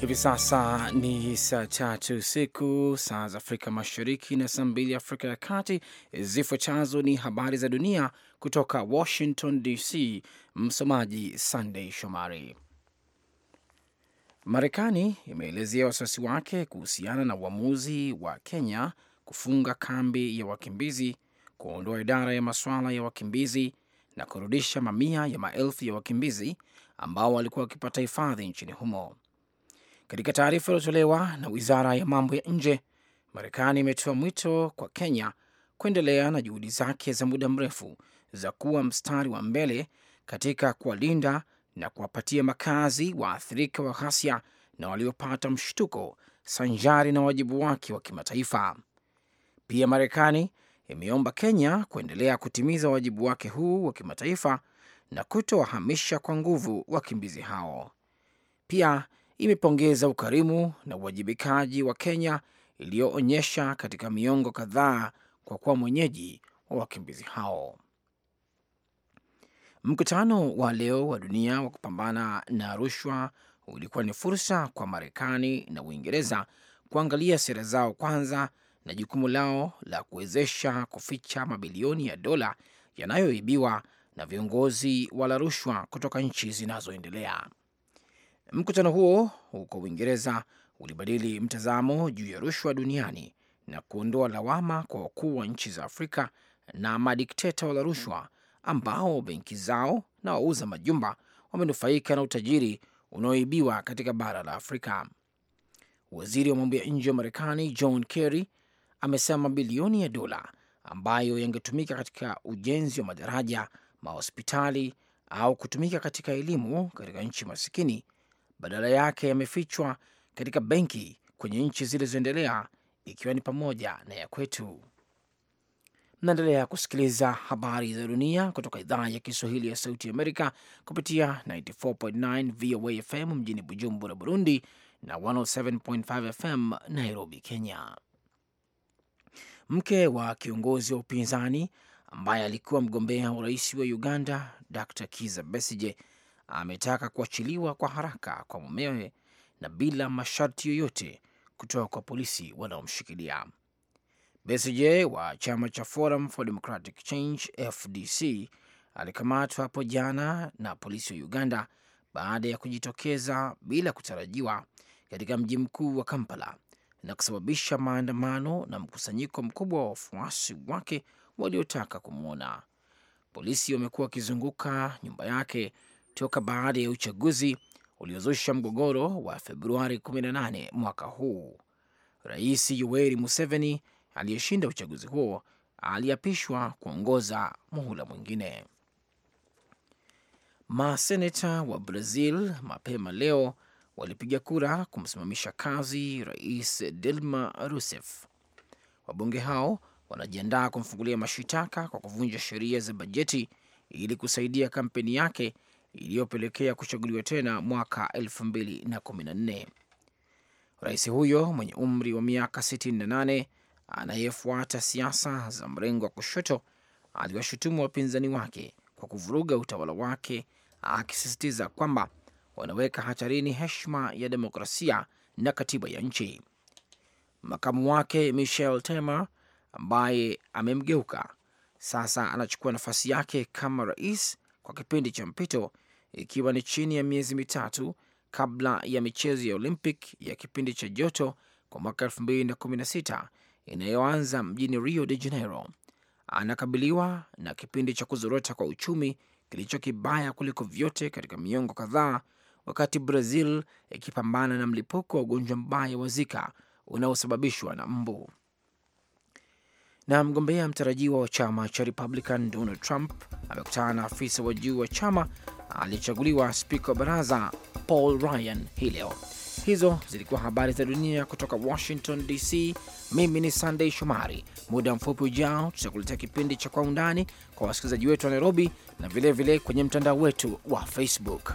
Hivi sasa ni saa tatu usiku saa za Afrika Mashariki na saa mbili Afrika ya Kati. Zifuatazo ni habari za dunia kutoka Washington DC. Msomaji Sandey Shomari. Marekani imeelezea wasiwasi wake kuhusiana na uamuzi wa Kenya kufunga kambi ya wakimbizi, kuondoa idara ya masuala ya wakimbizi na kurudisha mamia ya maelfu ya wakimbizi ambao walikuwa wakipata hifadhi nchini humo. Katika taarifa iliyotolewa na wizara ya mambo ya nje, Marekani imetoa mwito kwa Kenya kuendelea na juhudi zake za muda mrefu za kuwa mstari wa mbele katika kuwalinda na kuwapatia makazi waathirika wa ghasia na waliopata mshtuko sanjari na wajibu wake wa kimataifa. Pia Marekani imeomba Kenya kuendelea kutimiza wajibu wake huu wa kimataifa na kutowahamisha kwa nguvu wakimbizi hao. Pia imepongeza ukarimu na uwajibikaji wa Kenya iliyoonyesha katika miongo kadhaa kwa kuwa mwenyeji wa wakimbizi hao. Mkutano wa leo wa dunia wa kupambana na rushwa ulikuwa ni fursa kwa Marekani na Uingereza kuangalia sera zao kwanza na jukumu lao la kuwezesha kuficha mabilioni ya dola yanayoibiwa na viongozi wala rushwa kutoka nchi zinazoendelea. Mkutano huo huko Uingereza ulibadili mtazamo juu ya rushwa duniani na kuondoa lawama kwa wakuu wa nchi za Afrika na madikteta wala rushwa ambao benki zao na wauza majumba wamenufaika na utajiri unaoibiwa katika bara la Afrika. Waziri wa mambo ya nje wa Marekani John Kerry amesema mabilioni ya dola ambayo yangetumika katika ujenzi wa madaraja, mahospitali au kutumika katika elimu katika nchi masikini badala yake yamefichwa katika benki kwenye nchi zilizoendelea ikiwa ni pamoja na ya kwetu. Mnaendelea kusikiliza habari za dunia kutoka idhaa ya Kiswahili ya Sauti Amerika kupitia 94.9 VOA FM mjini Bujumbura, Burundi na 107.5 FM Nairobi, Kenya. Mke wa kiongozi wa upinzani ambaye alikuwa mgombea urais wa Uganda Dr Kiza besije ametaka kuachiliwa kwa haraka kwa mumewe na bila masharti yoyote kutoka kwa polisi wanaomshikilia. Besigye wa chama cha Forum for Democratic Change FDC alikamatwa hapo jana na polisi wa Uganda baada ya kujitokeza bila kutarajiwa katika mji mkuu wa Kampala na kusababisha maandamano na mkusanyiko mkubwa wa wafuasi wake waliotaka kumwona. Polisi wamekuwa wakizunguka nyumba yake toka baada ya uchaguzi uliozusha mgogoro wa Februari 18 mwaka huu. Rais Yoweri Museveni aliyeshinda uchaguzi huo aliapishwa kuongoza muhula mwingine. Maseneta wa Brazil mapema leo walipiga kura kumsimamisha kazi Rais Dilma Rousseff. Wabunge hao wanajiandaa kumfungulia mashitaka kwa kuvunja sheria za bajeti ili kusaidia kampeni yake iliyopelekea kuchaguliwa tena mwaka 2014. Rais huyo mwenye umri wa miaka 68 anayefuata siasa za mrengo wa kushoto aliwashutumu wapinzani wake kwa kuvuruga utawala wake, akisisitiza kwamba wanaweka hatarini heshima ya demokrasia na katiba ya nchi. Makamu wake Michel Temer ambaye amemgeuka sasa anachukua nafasi yake kama rais kwa kipindi cha mpito ikiwa ni chini ya miezi mitatu kabla ya michezo ya Olympic ya kipindi cha joto kwa mwaka 2016 inayoanza mjini Rio de Janeiro. Anakabiliwa na kipindi cha kuzorota kwa uchumi kilicho kibaya kuliko vyote katika miongo kadhaa, wakati Brazil ikipambana na mlipuko wa ugonjwa mbaya wa Zika unaosababishwa na mbu. Na mgombea mtarajiwa wa chama cha Republican Donald Trump amekutana na afisa wa juu wa chama alichaguliwa spika wa baraza Paul Ryan hii leo. Hizo zilikuwa habari za dunia kutoka Washington DC. Mimi ni Sandey Shomari. Muda mfupi ujao, tutakuletea kipindi cha Kwa Undani kwa wasikilizaji wetu wa Nairobi na vilevile vile kwenye mtandao wetu wa Facebook.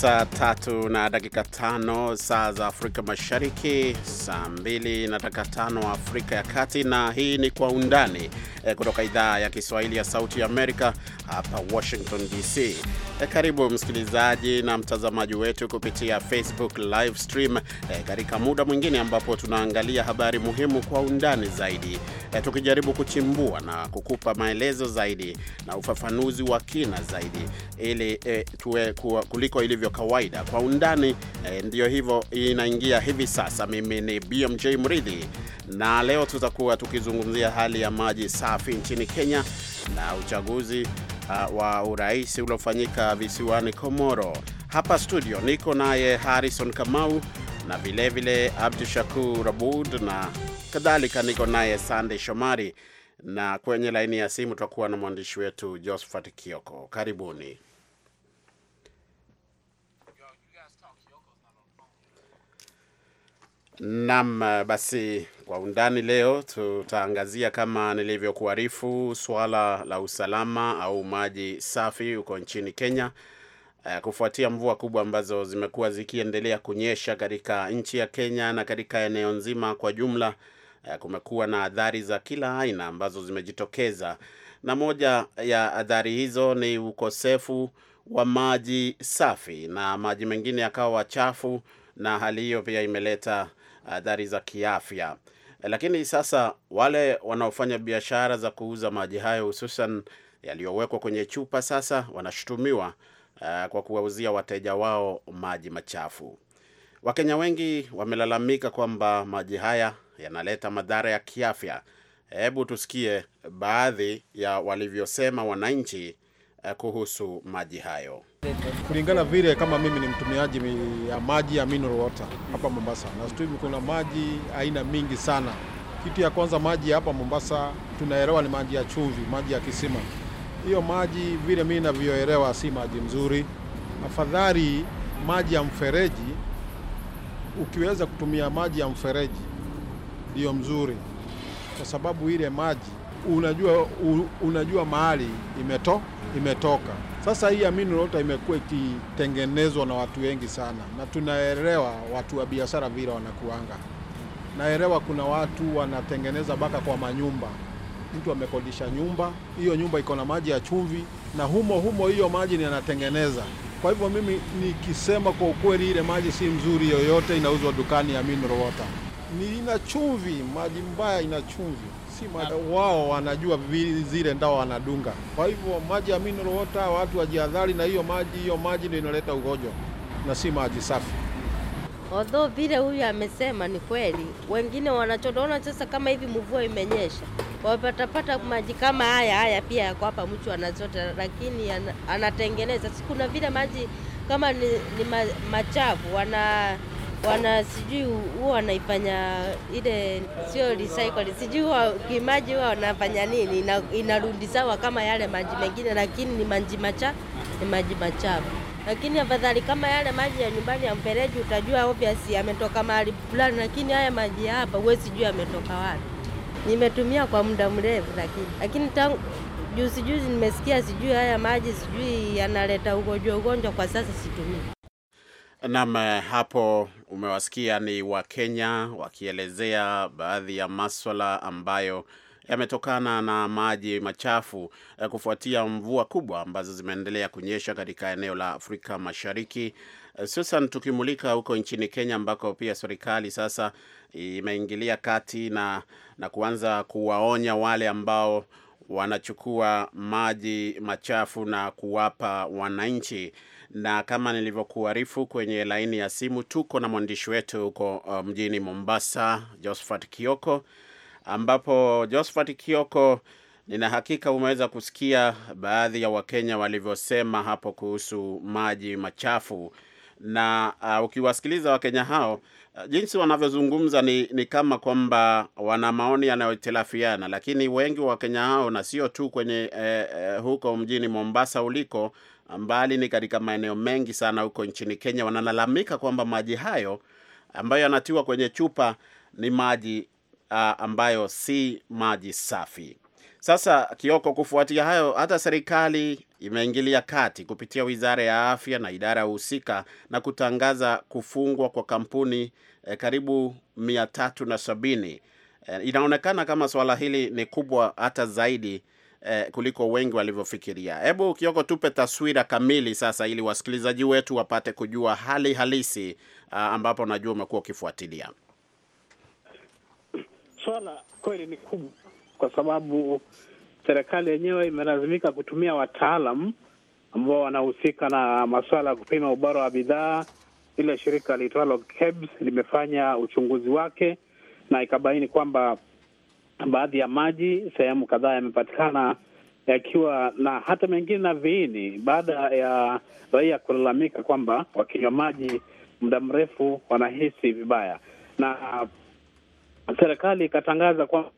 saa tatu na dakika tano saa za Afrika Mashariki, saa mbili na dakika tano Afrika ya Kati, na hii ni Kwa Undani eh, kutoka idhaa ya Kiswahili ya Sauti ya Amerika hapa Washington DC. Eh, karibu msikilizaji na mtazamaji wetu kupitia Facebook live stream eh, katika muda mwingine ambapo tunaangalia habari muhimu kwa undani zaidi, tukijaribu kuchimbua na kukupa maelezo zaidi na ufafanuzi wa kina zaidi ili tuwe kuliko ilivyo ilivyo kawaida. Kwa undani eh, ndio hivyo inaingia hivi sasa. Mimi ni BMJ Mridhi, na leo tutakuwa tukizungumzia hali ya maji safi nchini Kenya na uchaguzi uh, wa urais uliofanyika visiwani Komoro. Hapa studio niko naye Harrison Kamau na vilevile Abdu Shakur Abud na kadhalika, niko naye Sandey Shomari na kwenye laini ya simu tutakuwa na mwandishi wetu Josephat Kioko. Karibuni. Naam, basi kwa undani leo tutaangazia kama nilivyokuarifu swala la usalama au maji safi huko nchini Kenya eh, kufuatia mvua kubwa ambazo zimekuwa zikiendelea kunyesha katika nchi ya Kenya na katika eneo nzima kwa jumla. Eh, kumekuwa na adhari za kila aina ambazo zimejitokeza, na moja ya adhari hizo ni ukosefu wa maji safi na maji mengine yakawa chafu, na hali hiyo pia imeleta athari za kiafya. Lakini sasa wale wanaofanya biashara za kuuza maji hayo hususan yaliyowekwa kwenye chupa sasa wanashutumiwa uh, kwa kuwauzia wateja wao maji machafu. Wakenya wengi wamelalamika kwamba maji haya yanaleta madhara ya kiafya. Hebu tusikie baadhi ya walivyosema wananchi uh, kuhusu maji hayo. Kulingana vile kama mimi ni mtumiaji ya maji ya mineral water hapa Mombasa, na siku hizi kuna maji aina mingi sana. Kitu ya kwanza maji hapa Mombasa tunaelewa ni maji ya chumvi, maji ya kisima. Hiyo maji vile mimi navyoelewa si maji mzuri, afadhali maji ya mfereji. Ukiweza kutumia maji ya mfereji ndiyo mzuri, kwa sababu ile maji unajua, unajua mahali imeto, imetoka. Sasa hii Amini rota imekuwa ikitengenezwa na watu wengi sana, na tunaelewa watu wa biashara vile wanakuanga. Naelewa kuna watu wanatengeneza mpaka kwa manyumba mtu amekodisha nyumba, hiyo nyumba iko na maji ya chumvi, na humo humo hiyo maji ni anatengeneza. Kwa hivyo mimi nikisema kwa ukweli, ile maji si mzuri yoyote, inauzwa dukani ya mineral water, ni ina chumvi, maji mbaya, ina chumvi wao wanajua zile ndao wanadunga. Kwa hivyo maji ya mineral water, watu wajihadhari na hiyo maji. Hiyo maji ndio inaleta ugonjwa na si maji safi. Although vile huyu amesema ni kweli, wengine wanachodoona sasa, kama hivi mvua imenyesha, wapatapata maji kama haya haya, pia yako hapa mtu anazota, lakini anatengeneza. Si kuna vile maji kama ni, ni machafu wana wana sijui huwa wanaifanya ile sio recycle, sijui huwa kimaji huwa wanafanya nini, inarudi sawa kama yale maji mengine, lakini ni maji macha ni maji machafu. Lakini afadhali kama yale maji ya nyumbani ya mfereji, utajua obvious yametoka mahali fulani, lakini haya maji hapa huwezi jua yametoka wapi. Nimetumia kwa muda mrefu, lakini lakini tangu juzi juzi nimesikia sijui haya maji sijui yanaleta ugonjwa ugonjwa, kwa sasa situmii. Nam eh, hapo umewasikia ni Wakenya wakielezea baadhi ya maswala ambayo yametokana na maji machafu eh, kufuatia mvua kubwa ambazo zimeendelea kunyesha katika eneo la Afrika Mashariki, hususan eh, tukimulika huko nchini Kenya ambako pia serikali sasa imeingilia kati na, na kuanza kuwaonya wale ambao wanachukua maji machafu na kuwapa wananchi na kama nilivyokuarifu kwenye laini ya simu, tuko na mwandishi wetu huko uh, mjini Mombasa, Josphat Kioko, ambapo Josphat Kioko, nina hakika umeweza kusikia baadhi ya Wakenya walivyosema hapo kuhusu maji machafu na uh, ukiwasikiliza Wakenya hao uh, jinsi wanavyozungumza ni, ni kama kwamba wana maoni yanayohitilafiana, lakini wengi wa Wakenya hao na sio tu kwenye eh, eh, huko mjini Mombasa uliko mbali ni katika maeneo mengi sana huko nchini Kenya wanalalamika kwamba maji hayo ambayo yanatiwa kwenye chupa ni maji uh, ambayo si maji safi. Sasa Kioko, kufuatia hayo, hata serikali imeingilia kati kupitia wizara ya afya na idara ya husika na kutangaza kufungwa kwa kampuni eh, karibu mia tatu na sabini. Eh, inaonekana kama suala hili ni kubwa hata zaidi eh, kuliko wengi walivyofikiria. Hebu Kioko, tupe taswira kamili sasa, ili wasikilizaji wetu wapate kujua hali halisi ah, ambapo najua umekuwa ukifuatilia swala. Kweli ni kubwa kwa sababu serikali yenyewe imelazimika kutumia wataalam ambao wanahusika na masuala ya kupima ubora wa bidhaa. Ile shirika liitwalo KEBS limefanya uchunguzi wake na ikabaini kwamba baadhi ya maji sehemu kadhaa yamepatikana yakiwa na hata mengine na viini, baada ya raia kulalamika kwamba wakinywa maji muda mrefu wanahisi vibaya, na serikali ikatangaza kwamba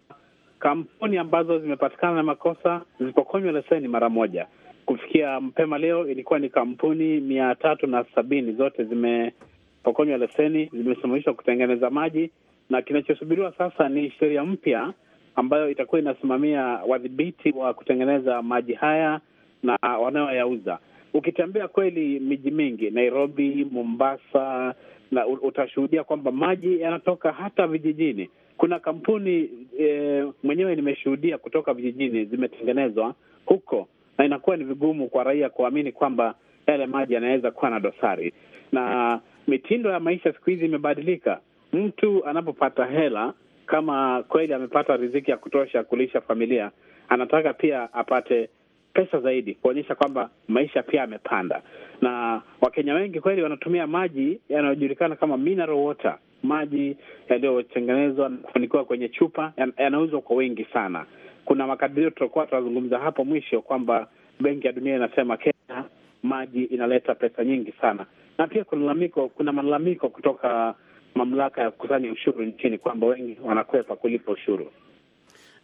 kampuni ambazo zimepatikana na makosa zipokonywa leseni mara moja. Kufikia mapema leo, ilikuwa ni kampuni mia tatu na sabini zote zimepokonywa leseni, zimesimamishwa kutengeneza maji, na kinachosubiriwa sasa ni sheria mpya ambayo itakuwa inasimamia wadhibiti wa kutengeneza maji haya na wanaoyauza. Ukitembea kweli miji mingi, Nairobi, Mombasa, na utashuhudia kwamba maji yanatoka hata vijijini. Kuna kampuni e, mwenyewe nimeshuhudia kutoka vijijini zimetengenezwa huko, na inakuwa ni vigumu kwa raia kuamini kwamba yale maji yanaweza kuwa na dosari. Na mitindo ya maisha siku hizi imebadilika. Mtu anapopata hela kama kweli amepata riziki ya kutosha kulisha familia, anataka pia apate pesa zaidi kuonyesha kwamba maisha pia amepanda Na Wakenya wengi kweli wanatumia maji yanayojulikana kama mineral water, maji yaliyotengenezwa na kufunikiwa kwenye chupa, yanauzwa kwa wingi sana. Kuna makadirio tutakuwa tunazungumza hapo mwisho kwamba Benki ya Dunia inasema Kenya maji inaleta pesa nyingi sana, na pia kuna malalamiko, kuna malalamiko kutoka mamlaka ya kukusanya ushuru nchini kwamba wengi wanakwepa kulipa ushuru.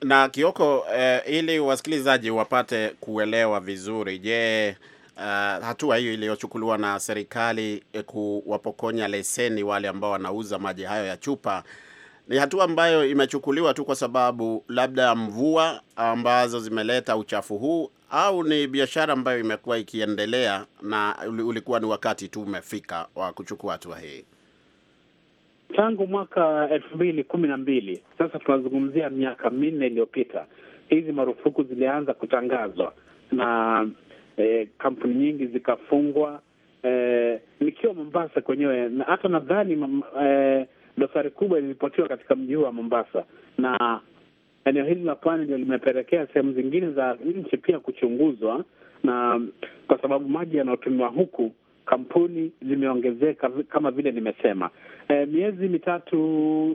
Na Kioko, eh, ili wasikilizaji wapate kuelewa vizuri, je, Uh, hatua hiyo iliyochukuliwa na serikali eh, kuwapokonya leseni wale ambao wanauza maji hayo ya chupa ni hatua ambayo imechukuliwa tu kwa sababu labda mvua ambazo zimeleta uchafu huu, au ni biashara ambayo imekuwa ikiendelea na ulikuwa ni wakati tu umefika wa kuchukua hatua hii? tangu mwaka elfu mbili kumi na mbili. Sasa tunazungumzia miaka minne iliyopita, hizi marufuku zilianza kutangazwa na e, kampuni nyingi zikafungwa, e, nikiwa Mombasa kwenyewe na hata nadhani e, dosari kubwa ilipotiwa katika mji huu wa Mombasa na eneo hili la pwani ndio limepelekea sehemu zingine za nchi pia kuchunguzwa, na kwa sababu maji yanayotumiwa huku kampuni zimeongezeka kama vile nimesema. E, miezi mitatu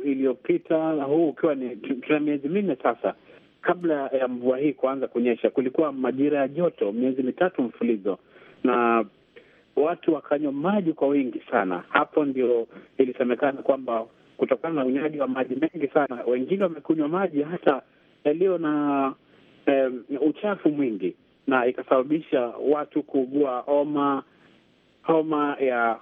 iliyopita, huu ukiwa ni tuna miezi minne sasa kabla ya mvua hii kuanza kunyesha, kulikuwa majira ya joto miezi mitatu mfulizo, na watu wakanywa maji kwa wingi sana. Hapo ndio ilisemekana kwamba kutokana na unywaji wa maji mengi sana, wengine wamekunywa maji hata yaliyo na um, uchafu mwingi, na ikasababisha watu kuugua homa homa ya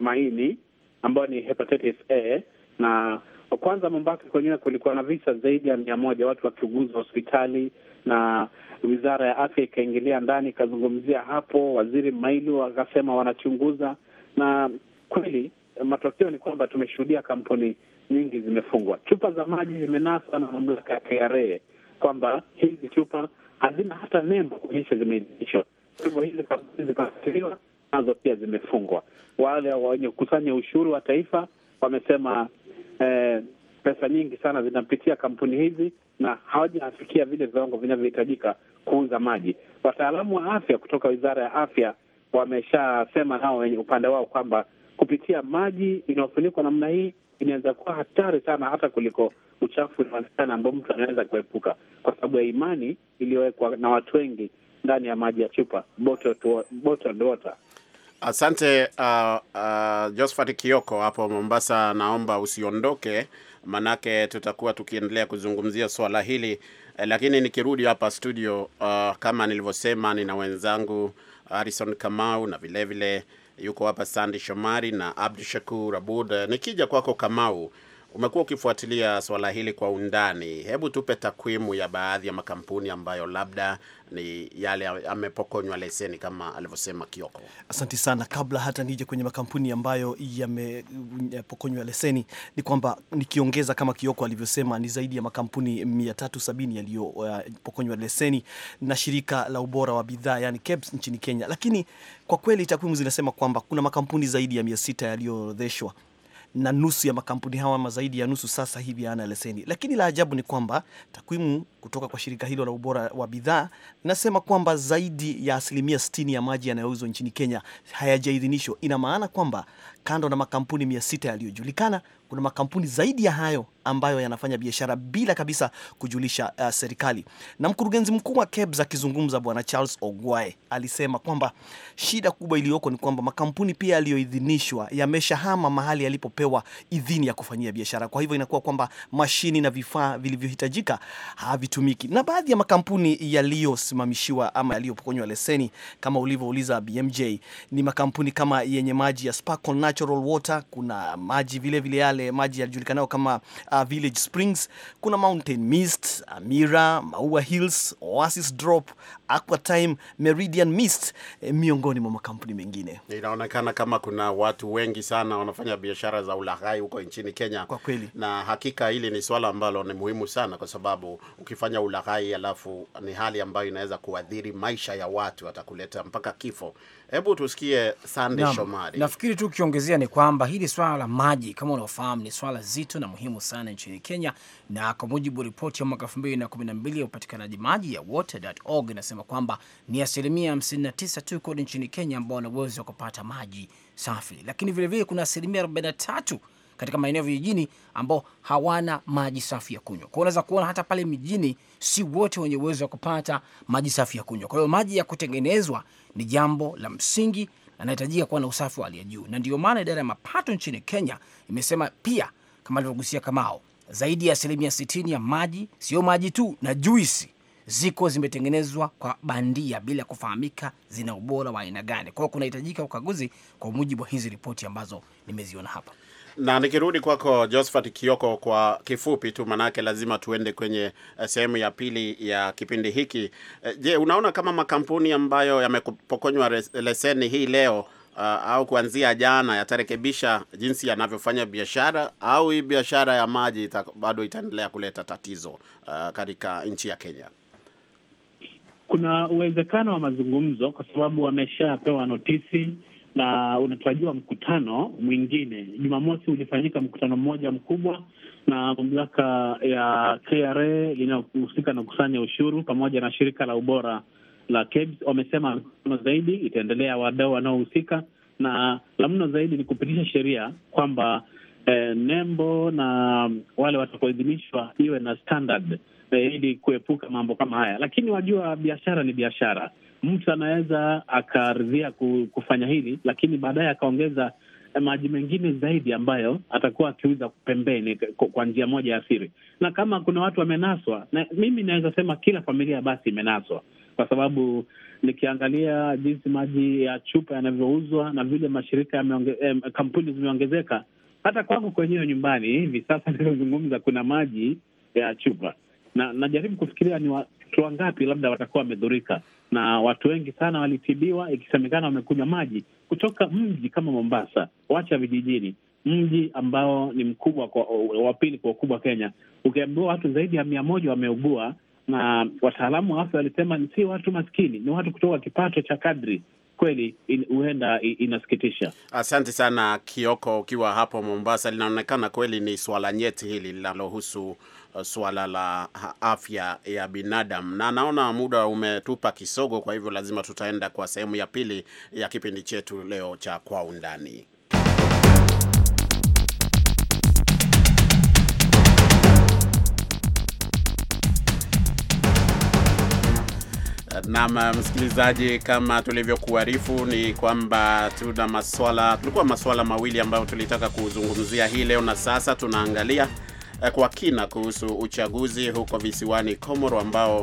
maini ambayo ni hepatitis A, na kwanza Mombasa kwenyewe kulikuwa na visa zaidi ya mia moja watu wakiuguzwa hospitali, na wizara ya afya ikaingilia ndani ikazungumzia hapo. Waziri Mailu akasema wanachunguza, na kweli matokeo ni kwamba tumeshuhudia kampuni nyingi zimefungwa. Chupa za maji zimenaswa na mamlaka ya KRA kwamba hizi chupa hazina hata nembo kuonyesha zimeidhinishwa. Kwa hivyo hizi kampuni zikafutiliwa nazo pia zimefungwa. Wale wenye kukusanya ushuru wa taifa wamesema eh, pesa nyingi sana zinapitia kampuni hizi na hawajafikia vile viwango vinavyohitajika kuuza maji. Wataalamu wa afya kutoka wizara ya afya wameshasema nao wenye upande wao kwamba kupitia maji inayofunikwa namna hii inaweza kuwa hatari sana, hata kuliko uchafu unaonekana ambao mtu anaweza kuepuka, kwa sababu ya imani iliyowekwa na watu wengi ndani ya maji ya chupa bottled water. Asante uh, uh, Josphat Kioko hapo Mombasa, naomba usiondoke, manake tutakuwa tukiendelea kuzungumzia swala hili eh, lakini nikirudi hapa studio uh, kama nilivyosema, nina wenzangu Harrison Kamau na vilevile vile, yuko hapa Sandy Shomari na Abdu Shakur Abud. Eh, nikija kwako Kamau, Umekuwa ukifuatilia swala hili kwa undani, hebu tupe takwimu ya baadhi ya makampuni ambayo labda ni yale amepokonywa leseni kama alivyosema Kioko. asanti sana. Kabla hata nije kwenye makampuni ambayo yamepokonywa leseni, ni kwamba nikiongeza kama Kioko alivyosema, ni zaidi ya makampuni 370 yaliyopokonywa leseni na shirika la ubora wa bidhaa yani KEBS nchini Kenya, lakini kwa kweli takwimu zinasema kwamba kuna makampuni zaidi ya 600 yaliyoorodheshwa na nusu ya makampuni hawa ama zaidi ya nusu sasa hivi hayana leseni. Lakini la ajabu ni kwamba takwimu kutoka kwa shirika hilo la ubora wa bidhaa nasema kwamba zaidi ya asilimia 60 ya maji yanayouzwa nchini Kenya hayajaidhinishwa. Ina maana kwamba Kando na makampuni mia sita yaliyojulikana, kuna makampuni zaidi ya hayo ambayo yanafanya biashara bila kabisa kujulisha uh, serikali. Na mkurugenzi mkuu wa KEBS akizungumza, bwana Charles Ogwae alisema kwamba shida kubwa iliyoko ni kwamba makampuni pia yaliyoidhinishwa yameshahama mahali yalipopewa idhini ya kufanyia biashara. Kwa hivyo inakuwa kwamba mashini na vifaa vilivyohitajika havitumiki, na baadhi ya makampuni yaliyosimamishiwa ama yaliyopokonywa leseni, kama ulivyouliza BMJ, ni makampuni kama yenye maji ya Sparkle natural water, kuna maji vilevile vile yale maji yajulikanayo kama uh, village springs, kuna mountain mist, Amira, Maua Hills, Oasis Drop, Aquatime, Meridian Mist, eh, miongoni mwa makampuni mengine. Inaonekana kama kuna watu wengi sana wanafanya biashara za ulaghai huko nchini Kenya kwa kweli, na hakika hili ni swala ambalo ni muhimu sana, kwa sababu ukifanya ulaghai alafu ni hali ambayo inaweza kuadhiri maisha ya watu, atakuleta mpaka kifo. Hebu tusikie Sande Shomari. Nafikiri tu ukiongezea ni kwamba hili swala la maji kama unaofahamu ni swala zito na muhimu sana nchini Kenya, na kwa mujibu wa ripoti ya mwaka 2012 ya upatikanaji maji ya water.org inasema wanasema kwamba ni asilimia 59 tu kodi nchini Kenya ambao wana uwezo wa kupata maji safi, lakini vilevile kuna asilimia 43 katika maeneo vijijini ambao hawana maji safi ya kunywa. Kwa hiyo unaweza kuona hata pale mijini si wote wenye uwezo wa kupata maji safi ya kunywa. Kwa hiyo maji ya kutengenezwa ni jambo la msingi na inahitajika kuwa na usafi wa hali ya juu, na ndio maana idara ya mapato nchini Kenya imesema pia, kama alivyogusia Kamao, zaidi ya asilimia ya maji, sio maji tu na juisi ziko zimetengenezwa kwa bandia bila kufahamika zina ubora wa aina gani. Kwa hiyo kunahitajika ukaguzi kwa mujibu wa hizi ripoti ambazo nimeziona hapa na nikirudi kwako Josephat Kioko, kwa kifupi tu, manake lazima tuende kwenye eh, sehemu ya pili ya kipindi hiki. Eh, je, unaona kama makampuni ambayo yamepokonywa leseni hii leo uh, au kuanzia jana yatarekebisha jinsi yanavyofanya biashara au hii biashara ya maji ita, bado itaendelea kuleta tatizo uh, katika nchi ya Kenya? kuna uwezekano wa mazungumzo kwa sababu wameshapewa notisi na unatarajiwa mkutano mwingine. Jumamosi ulifanyika mkutano mmoja mkubwa na mamlaka ya KRA linayohusika na kusanya ushuru pamoja na shirika la ubora la KEBS. Wamesema mkutano zaidi itaendelea, wadau wanaohusika na la mno zaidi ni kupitisha sheria kwamba eh, nembo na wale watakaoidhinishwa iwe na standard eh, ili kuepuka mambo kama haya. Lakini wajua, biashara ni biashara. Mtu anaweza akaridhia kufanya hili, lakini baadaye akaongeza eh, maji mengine zaidi ambayo atakuwa akiuza pembeni kwa njia moja ya siri. Na kama kuna watu wamenaswa, na mimi naweza sema kila familia basi imenaswa, kwa sababu nikiangalia jinsi maji ya chupa yanavyouzwa na vile mashirika yameonge, eh, kampuni zimeongezeka. Hata kwangu kwenyewe nyumbani hivi sasa ninavyozungumza, kuna maji ya chupa na najaribu kufikiria ni watu wangapi labda watakuwa wamedhurika, na watu wengi sana walitibiwa, ikisemekana wamekunywa maji kutoka mji kama Mombasa, wacha vijijini, mji ambao ni mkubwa wa pili kwa ukubwa Kenya. Ukiambiwa watu zaidi ya mia moja wameugua, na wataalamu wa afya walisema si watu maskini, ni watu kutoka kipato cha kadri. Kweli huenda in, inasikitisha. Asante sana Kioko, ukiwa hapo Mombasa. Linaonekana kweli ni swala nyeti hili linalohusu Eh, swala la afya ya binadamu, na naona muda umetupa kisogo, kwa hivyo lazima tutaenda kwa sehemu ya pili ya kipindi chetu leo cha Kwa Undani. Naam, msikilizaji, kama tulivyokuarifu ni kwamba tuna maswala, tulikuwa maswala mawili ambayo tulitaka kuzungumzia hii leo, na sasa tunaangalia Eh, kwa kina kuhusu uchaguzi huko visiwani Komoro ambao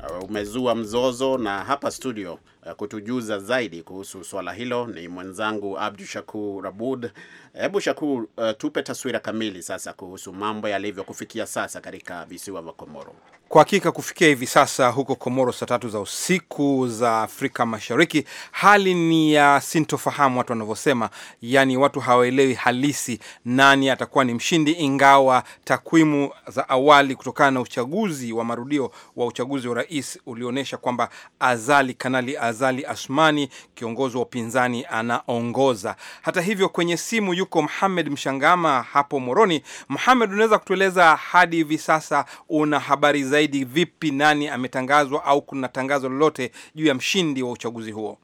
eh, umezua mzozo, na hapa studio eh, kutujuza zaidi kuhusu swala hilo ni mwenzangu Abdu Shakur Abud Hebu Shakuru, uh, tupe taswira kamili sasa kuhusu mambo yalivyo kufikia sasa katika visiwa vya Komoro. Kwa hakika kufikia hivi sasa huko Komoro saa tatu za usiku za Afrika Mashariki, hali ni ya sintofahamu, watu wanavyosema, yaani watu hawaelewi halisi nani atakuwa ni mshindi, ingawa takwimu za awali kutokana na uchaguzi wa marudio wa uchaguzi wa rais ulionyesha kwamba Azali Kanali Azali Asmani, kiongozi wa upinzani, anaongoza. Hata hivyo, kwenye simu yuko Muhamed Mshangama hapo Moroni. Muhamed, unaweza kutueleza hadi hivi sasa una habari zaidi vipi? Nani ametangazwa au kuna tangazo lolote juu ya mshindi wa uchaguzi huo?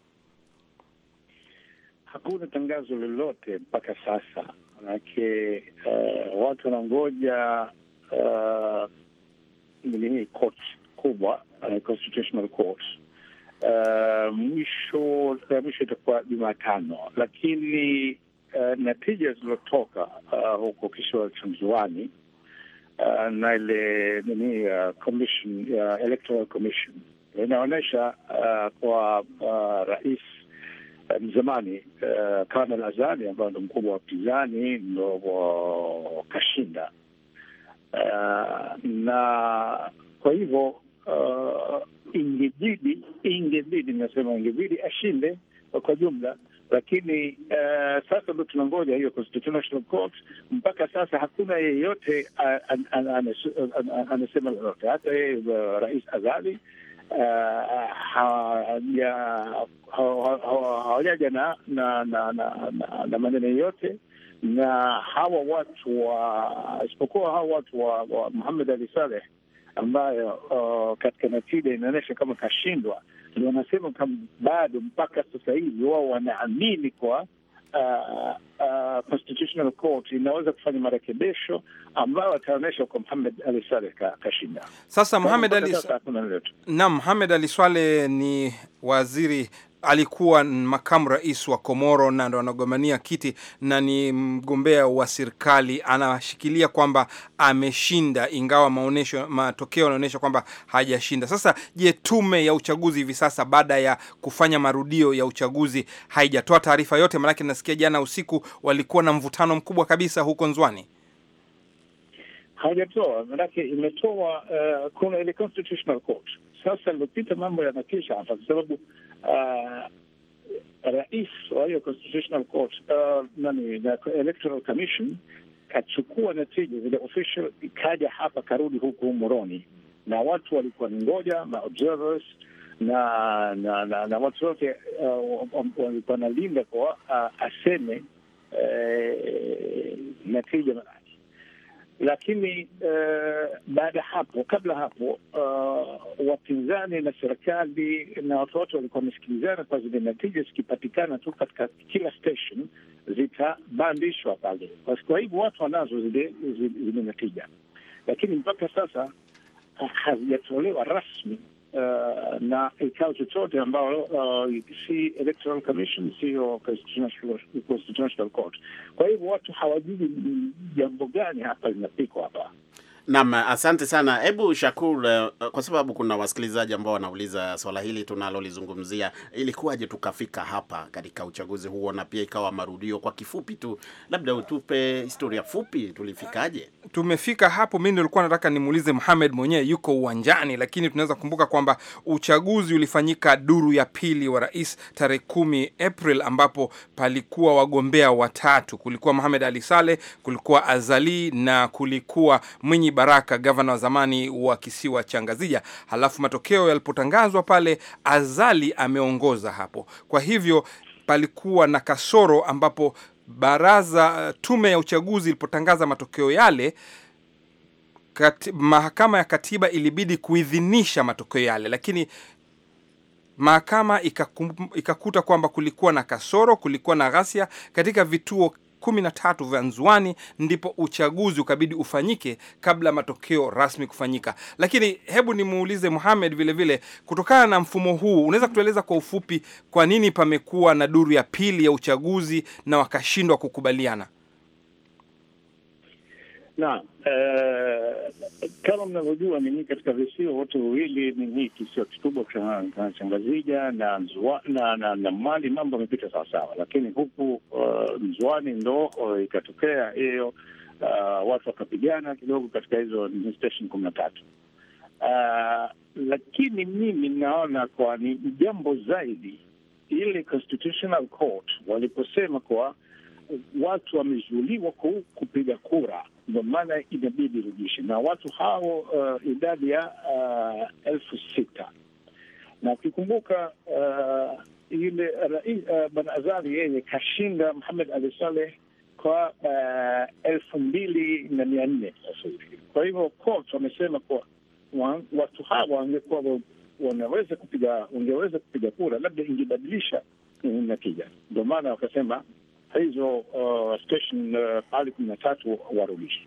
Hakuna tangazo lolote mpaka sasa, manake uh, watu wanangoja uh, court kubwa uh, constitutional court uh, mwisho uh, mwisho itakuwa Jumatano, lakini Eh, natija na tija zilizotoka uh, huko kisiwa cha mzuani uh, eh, na ile nini uh, commission uh, electoral commission inaonyesha uh, kwa uh, rais mzamani um, uh, Kamel ambayo ndo mkubwa wa pinzani ndo kashinda uh, na kwa hivyo uh, ingebidi ingebidi nasema ingebidi ashinde kwa jumla lakini uh, sasa ndo tunangoja hiyo Constitutional Court. Mpaka sasa hakuna yeyote an, anasema lolote. Hata yeye uh, Rais Azali eh, hawajaja na na na, na, maneno yoyote na hawa watu wa isipokuwa hawa watu wa, wa Muhamed Ali Saleh ambayo uh, katika natija inaonyesha kama kashindwa wanasema kama bado mpaka sasa hivi wao wanaamini kwa uh, uh, Constitutional Court inaweza kufanya marekebisho ambayo ataonyesha kwa Mohamed Ali Saleh kashinda. Sasa Mohamed Ali Naam, Ali Swaleh ni waziri alikuwa makamu rais wa Komoro na ndo anagombania kiti na ni mgombea wa serikali, anashikilia kwamba ameshinda, ingawa maonesho, matokeo yanaonyesha kwamba hajashinda. Sasa je, tume ya uchaguzi hivi sasa baada ya kufanya marudio ya uchaguzi haijatoa taarifa yote? Maanake nasikia jana usiku walikuwa na mvutano mkubwa kabisa huko Nzwani. Haijatoa maanake imetoa uh, kuna ile Constitutional Court. Sasa ilopita mambo yanatisha hapa kwa sababu Uh, rais wa hiyo Constitutional Court, uh, nani na Electoral Commission kachukua natija zile official, ikaja hapa karudi huku Moroni, na watu walikuwa ni ngoja ma observers na na, na, na watu wote uh, walikuwa nalinda kwa uh, aseme uh, natija lakini uh, baada ya hapo, kabla hapo, uh, wapinzani na serikali na watu wote walikuwa wamesikilizana kwa zile natija zikipatikana tu katika kila station zitabandishwa pale. Kwa hivyo watu wanazo zile zile natija, lakini mpaka sasa hazijatolewa rasmi uh, na kikao chochote ambao uh, si Electoral Commission, sio Constitutional Court. Kwa hivyo watu hawajui jambo gani hapa linapikwa hapa. Naam, asante sana. Hebu Shakur, eh, kwa sababu kuna wasikilizaji ambao wanauliza swala hili tunalolizungumzia, ilikuwaje tukafika hapa katika uchaguzi huo na pia ikawa marudio? Kwa kifupi tu, labda utupe historia fupi, tulifikaje? Tumefika hapo, mimi nilikuwa nataka nimuulize Mohamed mwenyewe, yuko uwanjani, lakini tunaweza kumbuka kwamba uchaguzi ulifanyika duru ya pili wa rais tarehe kumi April, ambapo palikuwa wagombea watatu. Kulikuwa Mohamed Ali Saleh, kulikuwa Azali na kulikuwa Mwinyi Baraka, gavana wa zamani wa kisiwa cha Ngazija. Halafu matokeo yalipotangazwa pale, Azali ameongoza hapo, kwa hivyo palikuwa na kasoro ambapo baraza tume ya uchaguzi ilipotangaza matokeo yale Kat, mahakama ya katiba ilibidi kuidhinisha matokeo yale, lakini mahakama ikakum, ikakuta kwamba kulikuwa na kasoro, kulikuwa na ghasia katika vituo 13 Vanzuani ndipo uchaguzi ukabidi ufanyike kabla matokeo rasmi kufanyika. Lakini hebu nimuulize Muhamed vilevile, kutokana na mfumo huu, unaweza kutueleza kwa ufupi kwa nini pamekuwa na duru ya pili ya uchaguzi na wakashindwa kukubaliana? Naam, eh, kama mnavyojua nini, katika visiwa wote wawili nini, kisiwa kikubwa cha Changazija na na, na na Mali mambo yamepita sawasawa, lakini huku uh, eh, Mzwani ndo uh, ikatokea hiyo uh, watu wakapigana kidogo katika hizo station kumi na tatu. Uh, lakini mimi naona kwa ni jambo zaidi ile Constitutional Court waliposema kuwa watu wamezuliwa kupiga kura ndo maana inabidi irudishe, na watu hao uh, idadi ya uh, elfu sita na ukikumbuka uh, yule uh, Bwana azari yeye kashinda Muhamed Ali Saleh kwa uh, elfu mbili na mia nne Kwa hivyo kot wamesema kuwa watu hawa wangekuwa wanaweza kupiga wangeweza kupiga kura, labda ingebadilisha uh, natija. Ndio maana wakasema hizo uh, station pale uh, kumi na tatu warudishe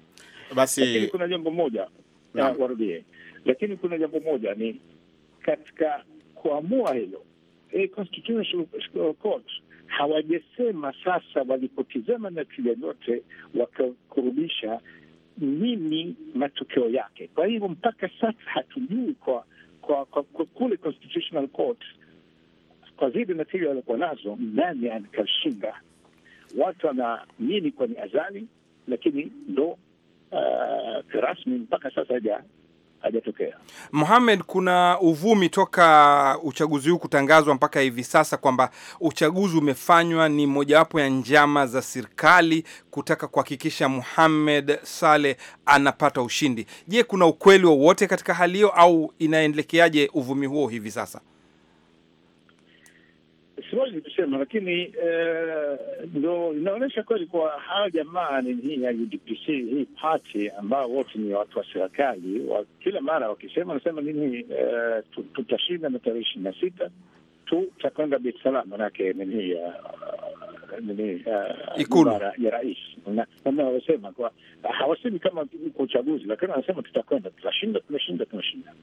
basi. Lakini kuna jambo moja yeah, uh, warudie. Lakini kuna jambo moja ni katika kuamua hilo e, Constitutional Court hawajasema sasa, walipotizama natija yote wakakurudisha nini matokeo yake. Kwa hivyo mpaka sasa hatujui kwa kwa, kwa, kwa kule Constitutional Court kwa zile natija waliokuwa nazo nani atakashinda watu wanaamini kwenye azali, lakini ndo uh, rasmi mpaka sasa haja hajatokea. Muhamed, kuna uvumi toka uchaguzi huu kutangazwa mpaka hivi sasa kwamba uchaguzi umefanywa ni mojawapo ya njama za serikali kutaka kuhakikisha muhamed Saleh anapata ushindi. Je, kuna ukweli wowote katika hali hiyo au inaelekeaje uvumi huo hivi sasa? siwezi kusema, lakini eh, ndo uh, inaonyesha kweli kwa hawa jamaa ni hii ya UDPC hii pati ambao wote ni watu wa serikali wa, kila mara wakisema wanasema nini uh, tutashinda na tarehe ishirini na sita tutakwenda Beit Salam, manake nini eh, ikulu ya rais, wanasema hawasemi kama kwa uchaguzi, lakini wanasema tutakwenda, tutashinda, tunashinda, tunashinda.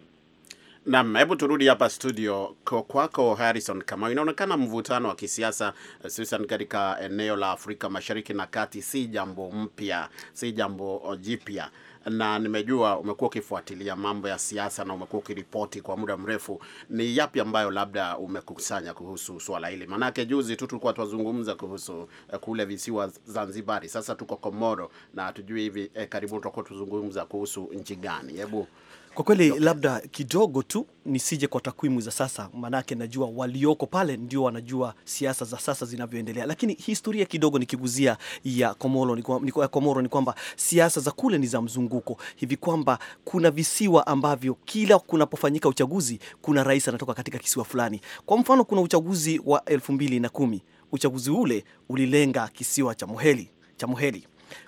Naam, hebu turudi hapa studio kwako Harrison. Kama inaonekana mvutano wa kisiasa hususan katika eneo la Afrika Mashariki na Kati si jambo mpya, si jambo oh, jipya, na nimejua umekuwa ukifuatilia mambo ya siasa na umekuwa ukiripoti kwa muda mrefu. Ni yapi ambayo labda umekusanya kuhusu swala hili? Maanake juzi tu tulikuwa tunazungumza kuhusu eh, kule visiwa Zanzibari, sasa tuko Komoro na hatujui hivi eh, karibuni tutakuwa tuzungumza kuhusu nchi gani? Hebu kwa kweli okay. Labda kidogo tu nisije kwa takwimu za sasa, maanake najua walioko pale ndio wanajua siasa za sasa zinavyoendelea, lakini historia kidogo nikiguzia ya Komoro ni kwamba Komoro ni kwamba siasa za kule ni za mzunguko hivi kwamba kuna visiwa ambavyo kila kunapofanyika uchaguzi kuna rais anatoka katika kisiwa fulani. Kwa mfano kuna uchaguzi wa elfu mbili na kumi uchaguzi ule ulilenga kisiwa cha moheli cha Muheli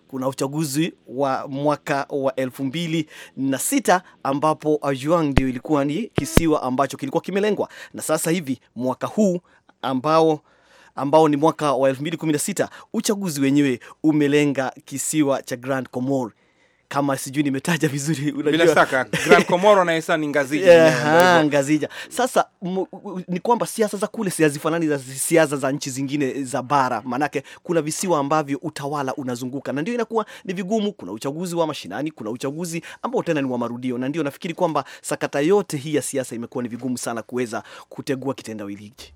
kuna uchaguzi wa mwaka wa elfu mbili na sita ambapo Ajuang uh, ndio ilikuwa ni kisiwa ambacho kilikuwa kimelengwa, na sasa hivi mwaka huu ambao ambao ni mwaka wa 2016 uchaguzi wenyewe umelenga kisiwa cha Grand Comore kama sijui nimetaja vizuri, unajua bila shaka Comoro na ni Ngazija. Yeah, Ngazija. Sasa m, ni kwamba siasa za kule siazifanani za siasa za nchi zingine za bara, maanake kuna visiwa ambavyo utawala unazunguka, na ndio inakuwa ni vigumu. Kuna uchaguzi wa mashinani, kuna uchaguzi ambao tena ni wa marudio, na ndio nafikiri kwamba sakata yote hii ya siasa imekuwa ni vigumu sana kuweza kutegua kitendawili hiki.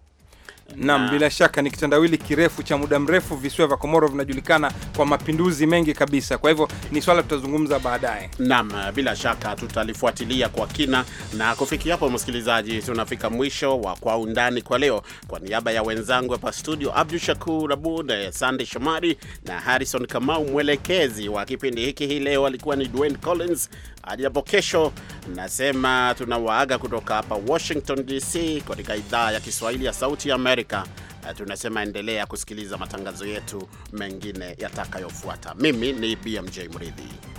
Naam, bila shaka ni kitandawili kirefu cha muda mrefu. Visiwa vya Komoro vinajulikana kwa mapinduzi mengi kabisa, kwa hivyo ni swala tutazungumza baadaye. Naam, bila shaka tutalifuatilia kwa kina. Na kufikia hapo, msikilizaji, tunafika mwisho wa Kwa Undani kwa leo. Kwa niaba ya wenzangu hapa studio, Abdu Shakur Abud, Sandey Shomari na Harrison Kamau, mwelekezi wa kipindi hiki hii leo alikuwa ni Dwayne Collins. Hadi hapo kesho, nasema tunawaaga kutoka hapa Washington DC, katika idhaa ya Kiswahili ya Sauti ya Amerika. Amerika. Eh, tunasema endelea kusikiliza matangazo yetu mengine yatakayofuata. Mimi ni BMJ Mridhi.